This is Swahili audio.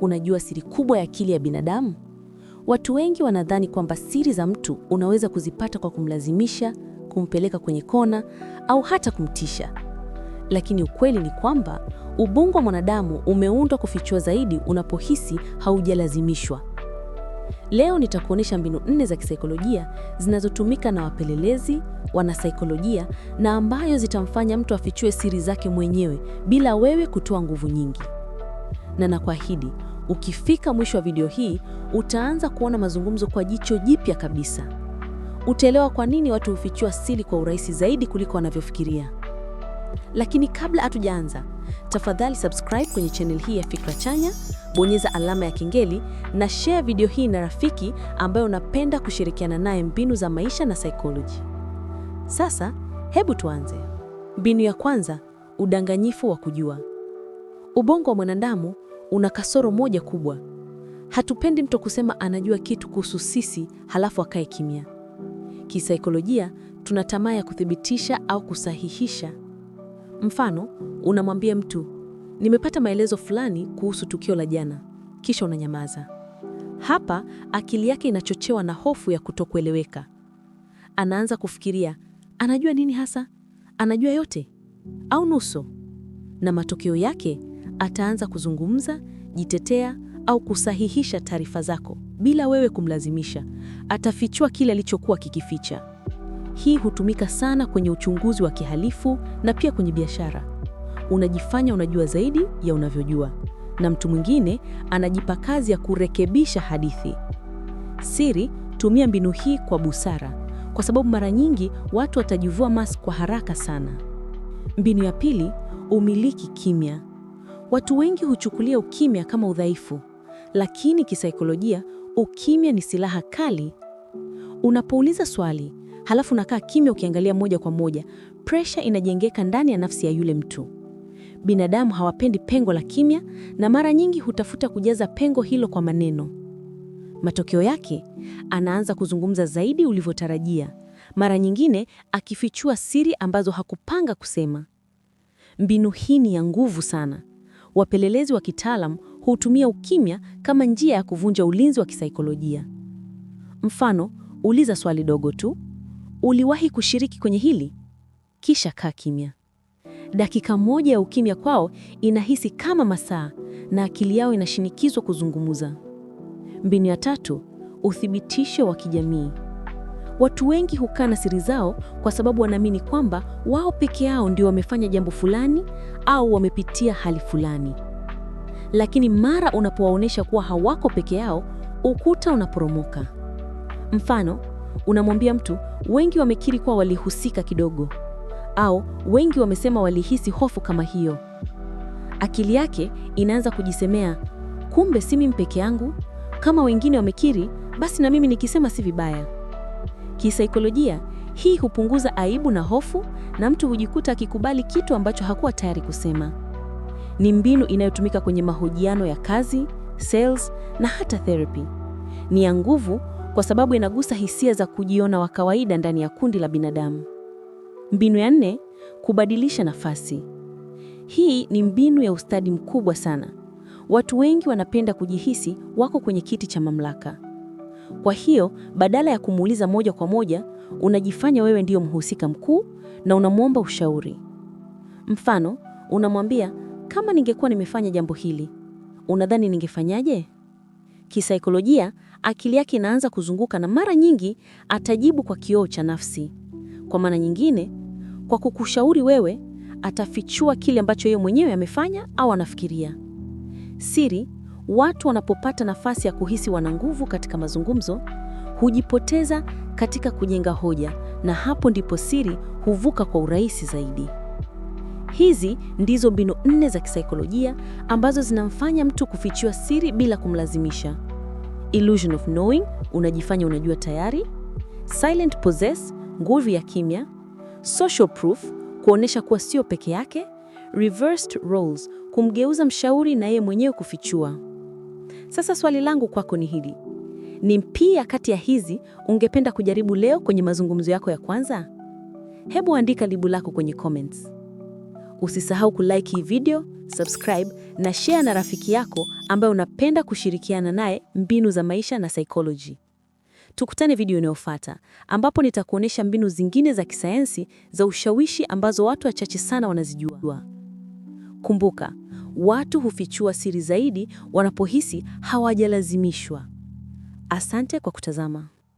Unajua siri kubwa ya akili ya binadamu? Watu wengi wanadhani kwamba siri za mtu unaweza kuzipata kwa kumlazimisha, kumpeleka kwenye kona au hata kumtisha. Lakini ukweli ni kwamba ubongo wa mwanadamu umeundwa kufichua zaidi unapohisi haujalazimishwa. Leo nitakuonesha mbinu nne za kisaikolojia zinazotumika na wapelelezi, wanasaikolojia na ambayo zitamfanya mtu afichue siri zake mwenyewe bila wewe kutoa nguvu nyingi na nakuahidi ukifika mwisho wa video hii utaanza kuona mazungumzo kwa jicho jipya kabisa. Utaelewa kwa nini watu hufichua siri kwa urahisi zaidi kuliko wanavyofikiria. Lakini kabla hatujaanza, tafadhali subscribe kwenye channel hii ya Fikra Chanya, bonyeza alama ya kengele na share video hii na rafiki ambayo unapenda kushirikiana naye mbinu za maisha na psychology. Sasa hebu tuanze. Mbinu ya kwanza, udanganyifu wa kujua. Ubongo wa mwanadamu una kasoro moja kubwa. Hatupendi mtu kusema anajua kitu kuhusu sisi halafu akae kimya. Kisaikolojia, tuna tamaa ya kuthibitisha au kusahihisha. Mfano, unamwambia mtu, nimepata maelezo fulani kuhusu tukio la jana, kisha unanyamaza. Hapa akili yake inachochewa na hofu ya kutokueleweka. Anaanza kufikiria, anajua nini hasa? Anajua yote au nusu? Na matokeo yake ataanza kuzungumza, jitetea au kusahihisha taarifa zako bila wewe kumlazimisha. Atafichua kile alichokuwa kikificha. Hii hutumika sana kwenye uchunguzi wa kihalifu na pia kwenye biashara. Unajifanya unajua zaidi ya unavyojua, na mtu mwingine anajipa kazi ya kurekebisha hadithi. Siri, tumia mbinu hii kwa busara, kwa sababu mara nyingi watu watajivua mask kwa haraka sana. Mbinu ya pili, umiliki kimya. Watu wengi huchukulia ukimya kama udhaifu, lakini kisaikolojia ukimya ni silaha kali. Unapouliza swali halafu unakaa kimya ukiangalia moja kwa moja, presha inajengeka ndani ya nafsi ya yule mtu. Binadamu hawapendi pengo la kimya, na mara nyingi hutafuta kujaza pengo hilo kwa maneno. Matokeo yake, anaanza kuzungumza zaidi ulivyotarajia, mara nyingine akifichua siri ambazo hakupanga kusema. Mbinu hii ni ya nguvu sana wapelelezi wa kitaalamu hutumia ukimya kama njia ya kuvunja ulinzi wa kisaikolojia. Mfano, uliza swali dogo tu, uliwahi kushiriki kwenye hili? Kisha kaa kimya. Dakika moja ya ukimya kwao inahisi kama masaa, na akili yao inashinikizwa kuzungumza. Mbinu ya tatu, uthibitisho wa kijamii. Watu wengi hukaa na siri zao kwa sababu wanaamini kwamba wao peke yao ndio wamefanya jambo fulani au wamepitia hali fulani. Lakini mara unapowaonyesha kuwa hawako peke yao, ukuta unaporomoka. Mfano, unamwambia mtu, wengi wamekiri kuwa walihusika kidogo, au wengi wamesema walihisi hofu kama hiyo. Akili yake inaanza kujisemea, kumbe si mimi peke yangu. Kama wengine wamekiri, basi na mimi nikisema si vibaya. Kisaikolojia, hii hupunguza aibu na hofu, na mtu hujikuta akikubali kitu ambacho hakuwa tayari kusema. Ni mbinu inayotumika kwenye mahojiano ya kazi, sales na hata therapy. Ni ya nguvu kwa sababu inagusa hisia za kujiona wa kawaida ndani ya kundi la binadamu. Mbinu ya nne, kubadilisha nafasi. Hii ni mbinu ya ustadi mkubwa sana. Watu wengi wanapenda kujihisi wako kwenye kiti cha mamlaka. Kwa hiyo badala ya kumuuliza moja kwa moja, unajifanya wewe ndiyo mhusika mkuu na unamwomba ushauri. Mfano, unamwambia kama ningekuwa nimefanya jambo hili, unadhani ningefanyaje? Kisaikolojia, akili yake inaanza kuzunguka na mara nyingi atajibu kwa kioo cha nafsi. Kwa maana nyingine, kwa kukushauri wewe, atafichua kile ambacho yeye mwenyewe amefanya au anafikiria. Siri Watu wanapopata nafasi ya kuhisi wana nguvu katika mazungumzo, hujipoteza katika kujenga hoja, na hapo ndipo siri huvuka kwa urahisi zaidi. Hizi ndizo mbinu nne za kisaikolojia ambazo zinamfanya mtu kufichua siri bila kumlazimisha: illusion of knowing, unajifanya unajua tayari; silent possess, nguvu ya kimya; social proof, kuonesha kuwa sio peke yake; reversed roles, kumgeuza mshauri na yeye mwenyewe kufichua. Sasa swali langu kwako ni hili: ni mpia kati ya hizi ungependa kujaribu leo kwenye mazungumzo yako ya kwanza? Hebu andika libu lako kwenye comments. Usisahau kulike hii video, subscribe na share na rafiki yako ambaye unapenda kushirikiana naye mbinu za maisha na psychology. Tukutane video inayofuata ambapo nitakuonesha mbinu zingine za kisayansi za ushawishi ambazo watu wachache sana wanazijua. Kumbuka, Watu hufichua siri zaidi wanapohisi hawajalazimishwa. Asante kwa kutazama.